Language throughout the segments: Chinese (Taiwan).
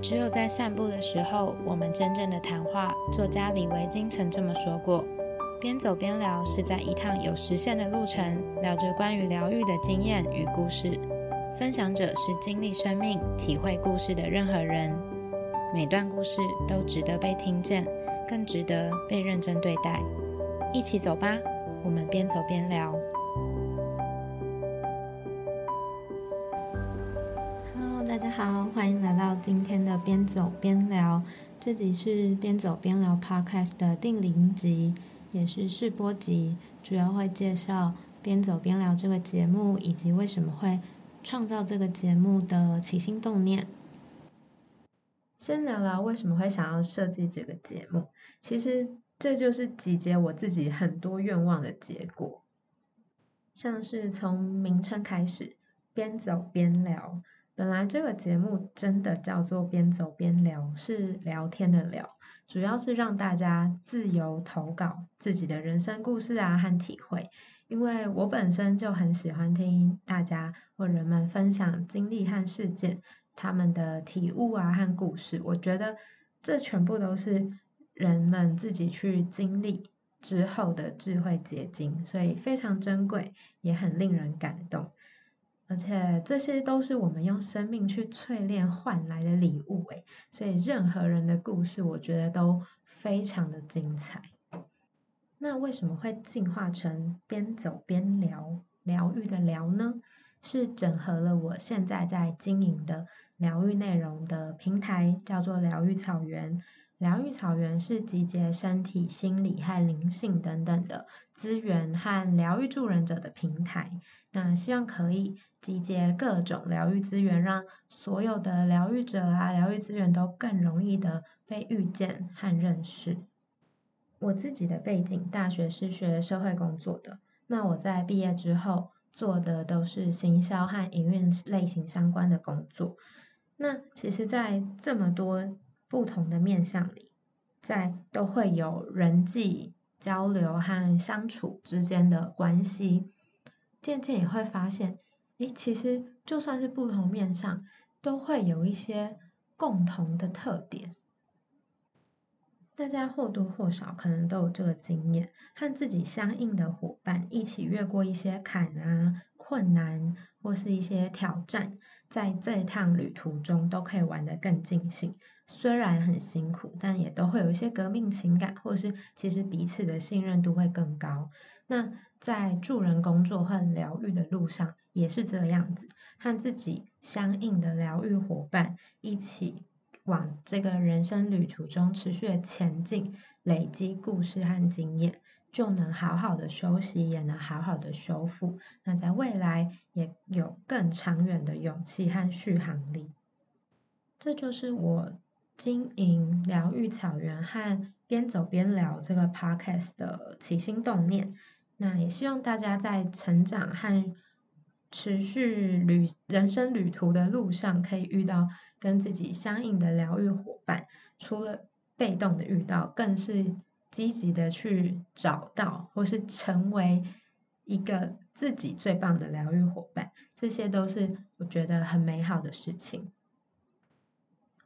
只有在散步的時候，我們真正的談話。作家李維京曾這麼說過：“邊走邊療，是在一趟有實現的路程，聊着關於療癒的經驗與故事。分享者是經歷生命、體會故事的任何人。每段故事都值得被聽見，更值得被認真對待。一起走吧，我們邊走邊療。”好，歡迎來到今天的邊走邊療。這集是邊走邊療 Podcast 的第零集，也是試播集，主要會介紹邊走邊療這個節目，以及為什麼會創造這個節目的起心動念。先聊聊為什麼會想要設計這個節目，其實這就是集結我自己很多願望的結果，像是從名稱開始，邊走邊療。本來這個節目真的叫做邊走邊聊，是聊天的聊，主要是讓大家自由投稿自己的人生故事啊和體會。因為我本身就很喜歡聽大家或人們分享經歷和事件，他們的體悟啊和故事，我覺得這全部都是人們自己去經歷之後的智慧結晶，所以非常珍貴，也很令人感動。而且這些都是我們用生命去淬煉換來的禮物，誒所以任何人的故事，我覺得都非常的精彩。那為什麼會進化成邊走邊療，療癒的療呢？是整合了我現在在經營的療癒內容的平台，叫做療癒草原。療癒草原是集結身體、心理和靈性等等的資源和療癒助人者的平台。那希望可以集結各種療癒資源，讓所有的療癒者啊、療癒資源都更容易的被遇見和認識。我自己的背景，大學是學社會工作的。那我在畢業之後做的都是行銷和營運類型相關的工作。那其實，在這麼多，不同的面向裡，在都會有人際交流和相處之間的關係，漸漸也會發現，誒，其實就算是不同面向，都會有一些共同的特點。大家或多或少可能都有這個經驗，和自己相應的夥伴一起越過一些坎啊、困難或是一些挑戰。在這一趟旅途中，都可以玩得更盡興。雖然很辛苦，但也都會有一些革命情感，或是其實彼此的信任度會更高。那在助人工作和療癒的路上，也是這樣子，和自己相應的療癒夥伴一起往這個人生旅途中持續的前進，累積故事和經驗。就能好好的休息，也能好好的修復。那在未來也有更長遠的勇氣和續航力。這就是我經營療癒草原和邊走邊療這個 podcast 的起心動念。那也希望大家在成長和持續旅人生旅途的路上，可以遇到跟自己相應的療癒夥伴。除了被動的遇到，更是。積極的去找到或是成為一個自己最棒的療癒夥伴，這些都是我覺得很美好的事情。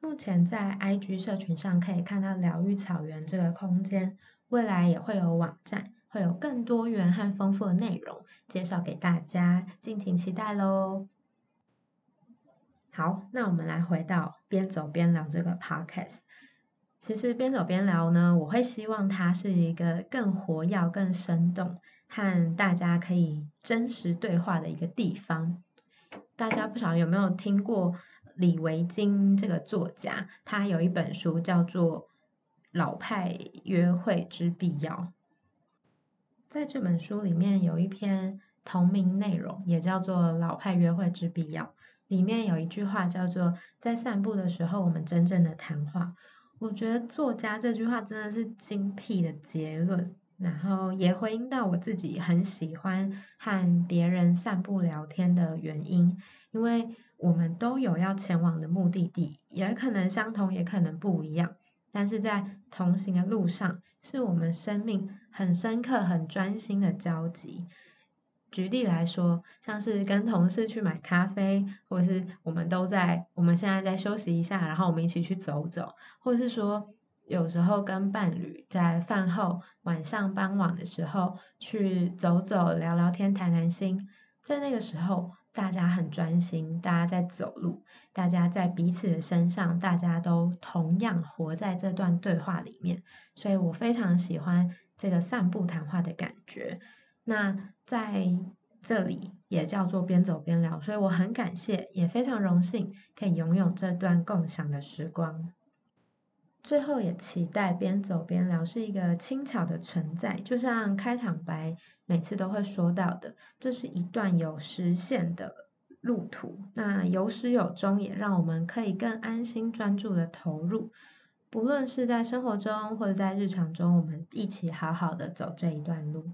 目前在 IG 社群上可以看到療癒草原這個空間，未來也會有網站，會有更多元和豐富的內容介紹給大家，敬請期待嘍。好，那我們來回到邊走邊療這個 podcast。其實邊走邊療呢，我會希望它是一個更活躍、更生動，和大家可以真實對話的一個地方。大家不曉得有沒有聽過李維菁這個作家，他有一本書叫做《老派約會之必要》。在這本書裡面有一篇同名內容，也叫做《老派約會之必要》。裡面有一句話叫做：“在散步的時候，我們真正的談話。”我覺得作家這句話真的是精闢的結論，然後也回應到我自己很喜歡和別人散步聊天的原因，因為我們都有要前往的目的地，也可能相同，也可能不一樣，但是在同行的路上，是我們生命很深刻、很專心的交集。舉例來說，像是跟同事去買咖啡，或者是我們都在，我們現在在休息一下，然後我們一起去走走，或者是說有時候跟伴侶在飯後晚上傍晚的時候去走走，聊聊天，談談心，在那個時候大家很專心，大家在走路，大家在彼此的身上，大家都同樣活在這段對話裡面，所以我非常喜歡這個散步談話的感覺。那在這裡也叫做邊走邊療，所以我很感謝，也非常榮幸可以擁有這段共享的時光。最後也期待邊走邊療是一個輕巧的存在，就像開場白每次都會說到的，這是一段有時限的路途，那有始有終，也讓我們可以更安心專注的投入，不論是在生活中或者在日常中，我們一起好好的走這一段路。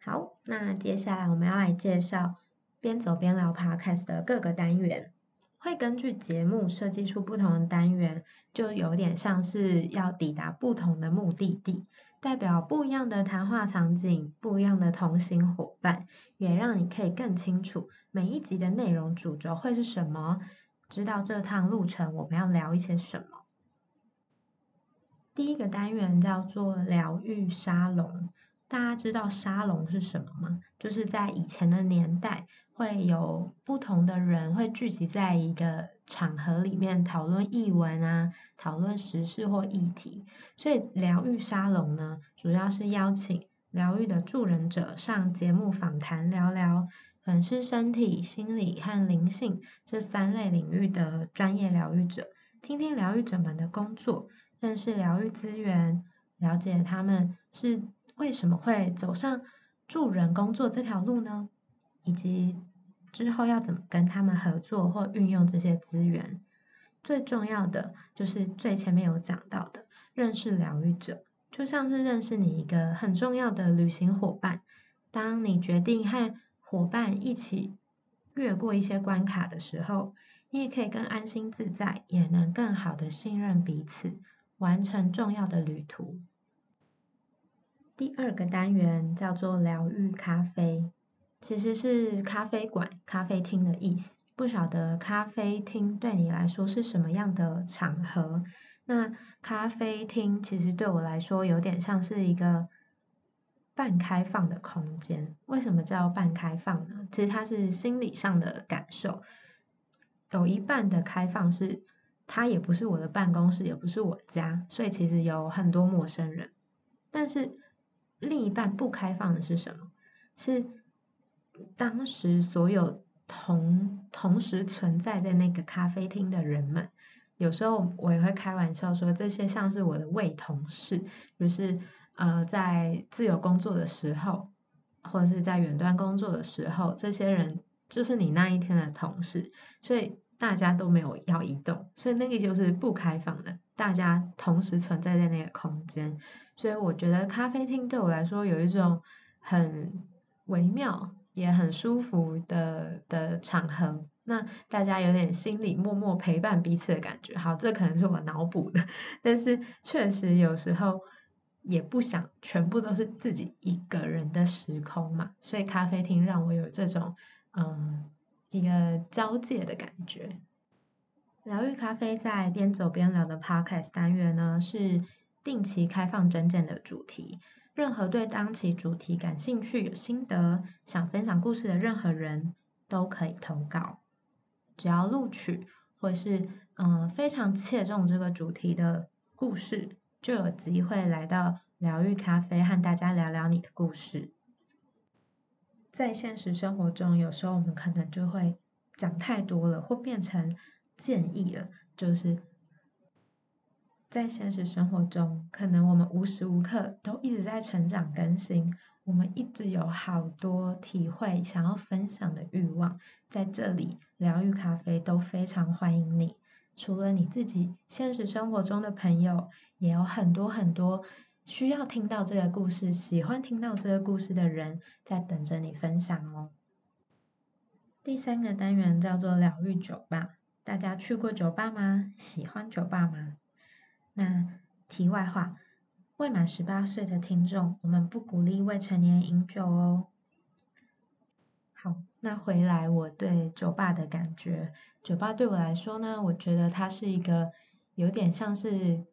好，那接下來我們要來介紹《邊走邊療》Podcast 的各個單元，會根據節目設計出不同的單元，就有點像是要抵達不同的目的地，代表不一樣的談話場景、不一樣的同行夥伴，也讓你可以更清楚每一集的內容主軸會是什麼，知道這趟路程我們要聊一些什麼。第一個單元叫做療癒沙龍。大家知道沙龍是什麼嗎？就是在以前的年代，會有不同的人會聚集在一個場合裡面討論譯文啊，討論時事或議題。所以療癒沙龍呢，主要是邀請療癒的助人者上節目訪談聊聊，嗯，是身體、心理和靈性這三類領域的專業療癒者，聽聽療癒者們的工作，認識療癒資源，了解他們是，為什麼會走上助人工作這條路呢？以及之後要怎麼跟他們合作或運用這些資源？最重要的就是最前面有講到的認識療癒者，就像是認識你一個很重要的旅行夥伴。當你決定和夥伴一起越過一些關卡的時候，你也可以更安心自在，也能更好的信任彼此，完成重要的旅途。第二個單元叫做療癒咖啡，其實是咖啡館、咖啡廳的意思。不曉得咖啡廳對你來說是什麼樣的場合？那咖啡廳其實對我來說有點像是一個半開放的空間。為什麼叫半開放呢？其實它是心理上的感受，有一半的開放是，它也不是我的辦公室，也不是我家，所以其實有很多陌生人，但是。另一半不開放的是什麼？是當時所有同同時存在在那個咖啡廳的人們。有時候我也會開玩笑說，這些像是我的偽同事，就是呃，在自由工作的時候，或者是在遠端工作的時候，這些人就是你那一天的同事。所以大家都沒有要移動，所以那個就是不開放的。大家同時存在在那個空間，所以我覺得咖啡廳對我來說有一種很微妙也很舒服的的場合，那大家有點心裡默默陪伴彼此的感覺。好，這可能是我腦補的，但是確實有時候也不想全部都是自己一個人的時空嘛，所以咖啡廳讓我有這種嗯一個交界的感覺。療癒咖啡在邊走邊療的 Podcast 單元呢，是定期開放徵件的主題。任何對當期主題感興趣、有心得、想分享故事的任何人都可以投稿。只要錄取或是嗯、呃、非常切中這個主題的故事，就有機會來到療癒咖啡和大家聊聊你的故事。在現實生活中，有時候我們可能就會講太多了，或變成。建議了，就是在現實生活中，可能我們無時無刻都一直在成長更新，我們一直有好多體會想要分享的欲望，在這裡療癒咖啡都非常歡迎你。除了你自己、現實生活中的朋友，也有很多很多需要聽到這個故事、喜歡聽到這個故事的人在等着你分享哦。第三個單元叫做療癒酒吧。大家去過酒吧嗎？喜歡酒吧嗎？那題外話，未滿十八歲的聽眾，我們不鼓勵未成年飲酒哦。好，那回來我對酒吧的感覺，酒吧對我來說呢，我覺得它是一個有點像是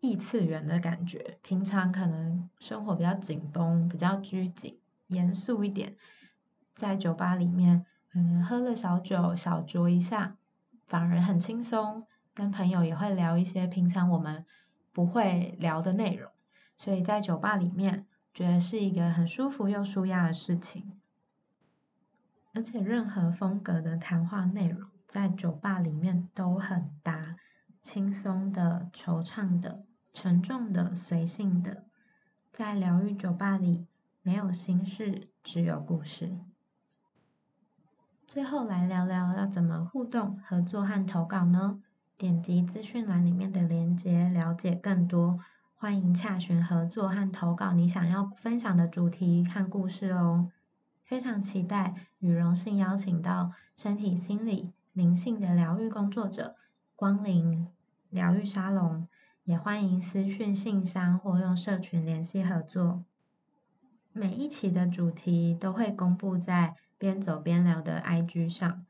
異次元的感覺。平常可能生活比較緊繃、比較拘謹、嚴肅一點，在酒吧裡面，可能，嗯，喝了小酒，小酌一下。反而很輕鬆，跟朋友也會聊一些平常我們不會聊的內容，所以在酒吧裡面，覺得是一個很舒服又舒壓的事情。而且任何風格的談話內容，在酒吧裡面都很搭，輕鬆的、惆悵的、沉重的、隨性的，在療癒酒吧裡，沒有心事，只有故事。最後來聊聊要怎麼互動、合作和投稿呢？點擊資訊欄裡面的連結，了解更多。歡迎洽詢合作和投稿，你想要分享的主題和故事哦。非常期待與榮幸邀請到身體、心理、靈性的療癒工作者光臨療癒沙龍，也歡迎私訊信箱或用社群聯繫合作。每一期的主題都會公布在邊走邊療的 IG 上，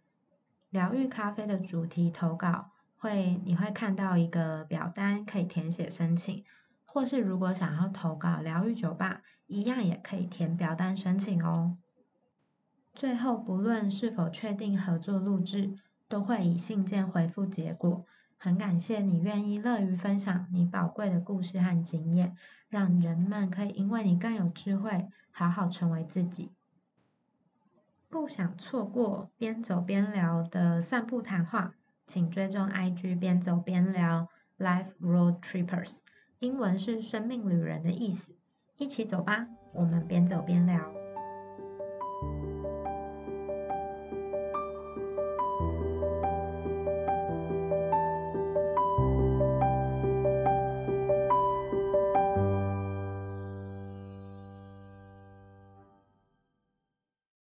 療癒咖啡的主題投稿會，你會看到一個表單可以填寫申請，或是如果想要投稿療癒酒吧，一樣也可以填表單申請哦。最後，不論是否確定合作錄製，都會以信件回復結果。很感謝你願意樂於分享你寶貴的故事和經驗，讓人們可以因為你更有智慧，好好成為自己。不想錯過邊走邊療的散步談話，請追蹤 IG 邊走邊療 Life Road Trippers，英文是生命旅人的意思，一起走吧，我們邊走邊療。